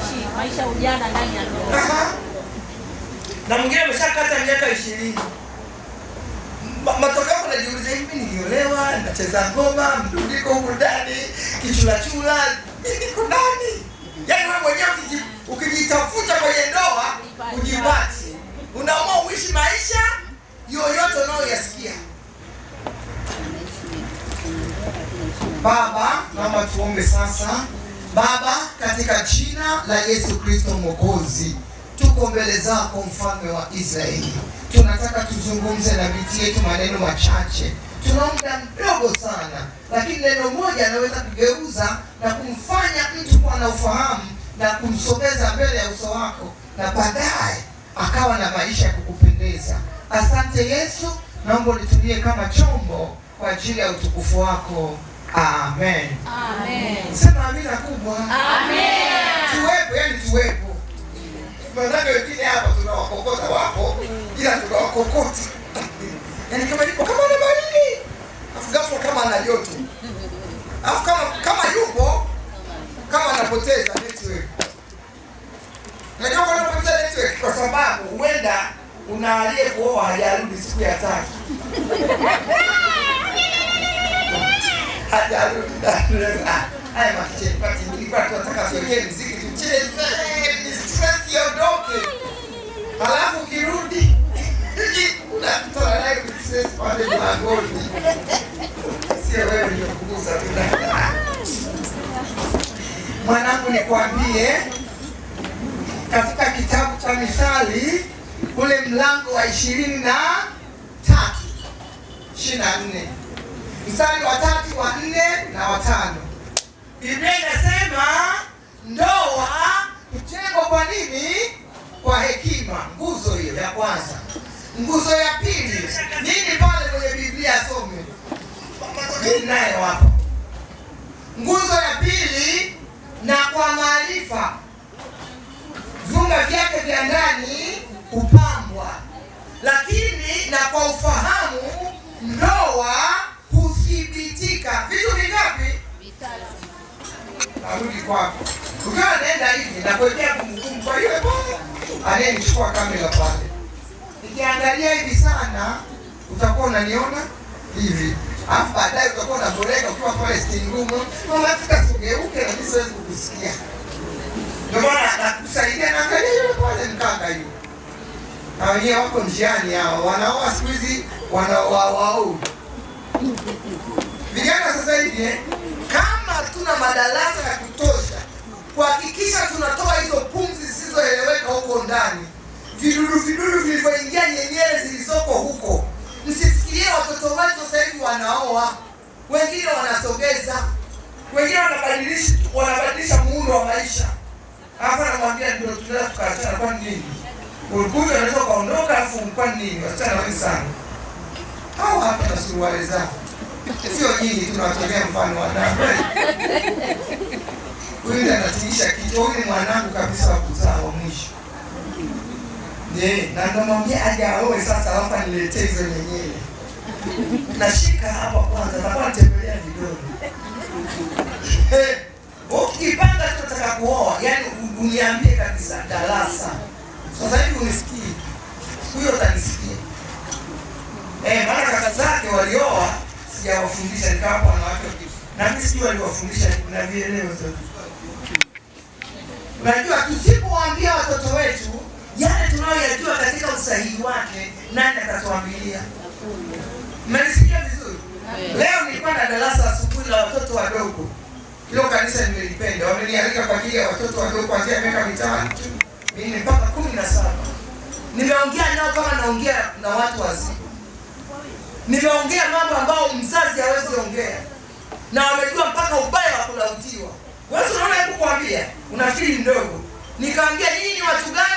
anaishi maisha ujana ndani ya ndoa, na mwingine ameshakata miaka ishirini. Matokeo unajiuliza, hivi niliolewa, nacheza ngoma, mdundiko huko ndani, kichulachula, niko ndani. Yaani wewe mwenyewe ukijitafuta kwenye ndoa ujipati, unaamua uishi maisha yoyote unaoyasikia. Baba, naomba tuombe sasa. Baba, katika jina la Yesu Kristo Mwokozi, tuko mbele zako, mfalme wa Israeli. Tunataka tuzungumze na binti yetu maneno machache. Tuna muda mdogo sana, lakini neno moja anaweza kugeuza na kumfanya mtu kuwa na ufahamu na kumsogeza mbele ya uso wako, na baadaye akawa na maisha ya kukupendeza. Asante Yesu, naomba nitulie kama chombo kwa ajili ya utukufu wako. Amen. Amen. Sema amina kubwa. Amen. Tuwepo, yani tuwepo. Maana wengine hapa tunawakokota wako ila tunawakokota. Yaani kama niko kama na baridi. Afu ghafla kama ana joto. Afu kama kama yupo kama anapoteza network. Unajua kwa nini anapoteza network? Kwa sababu huenda unaalie aliyekuoa hajarudi siku ya tatu hajarudi haya makicheni pati, nilikuwa tu nataka tuwekee mziki tucheze, stress iondoke, halafu ukirudi unakutana naye stress pale mlangoni, sio wewe nilikuguza tu. Mwanangu, nikwambie katika kitabu cha Mithali ule mlango wa ishirini na tatu ishirini na nne mstari wa tatu wa nne na watano Biblia inasema ndoa hujengwa kwa nini? Kwa hekima. Nguzo hiyo ya kwanza. Nguzo ya pili nini? Pale kwenye Biblia asome naye wapo. Nguzo ya pili, na kwa maarifa vyumba vyake vya ndani hupambwa, lakini na kwa ufahamu ndo arudi kwako. Ukiwa anaenda hivi na kuwekea kumbukumbu. Kwa hiyo anayenichukua kamera pale, nikiangalia hivi sana, utakuwa unaniona hivi, alafu baadaye utakuwa unaboreka ukiwa pale steering room, mama fika, sogeuke siwezi kukusikia. Ndio maana anakusaidia, naangalia yule pale mkaka yule na wenyewe wako njiani hao wanaoa siku hizi wanaoa vijana sasa hivi eh hatuna madarasa ya kutosha kuhakikisha tunatoa hizo pumzi zisizoeleweka huko ndani, vidudu vidudu vilivyoingia nyenyele zilizoko huko. Msifikirie watoto wetu sasa hivi wanaoa, wengine wanasogeza, wengine wanabadilisha wanabadilisha muundo wa maisha. Hapa namwambia ndio tunaweza tukaachana. Kwa nini ulikuja unaweza ukaondoka, alafu kwa nini wasichana wengi sana hawa hapa na suruali zao sio jini, tunawatolea mfano wanangu. Huyu ndiye anatiisha kichwa, huyu mwanangu kabisa wa kuzaa wa mwisho. Ndiye, na namwambia aje aoe sasa, alafu aniletee hizo nyenyele. Nashika hapa kwanza, takuwa nitembelea vidole ukipanga tutataka kuoa, yani uniambie kabisa darasa. Sasa hivi unisikii, huyo utanisikia eh, maana kaka zake walioa sijawafundisha nikawapa wanawake wajifu, na mimi sijui waliwafundisha na vielewa vielelezo. Unajua, tusipowaambia watoto wetu yale tunayoyajua katika usahihi wake, nani atatuambilia? Mmenisikia vizuri? Leo nilikuwa na darasa asubuhi la watoto wadogo. Hilo kanisa nimelipenda, wamenialika kwa ajili ya watoto wadogo kuanzia miaka mitano minne mpaka kumi na saba. Nimeongea nao kama naongea na watu wazima Nimeongea mambo ambayo mzazi hawezi ongea, na wamejua mpaka ubaya wa kulautiwa. Wewe unaona, hebu kwambia, unafikiri mdogo. Nikaambia nyinyi ni watu gani?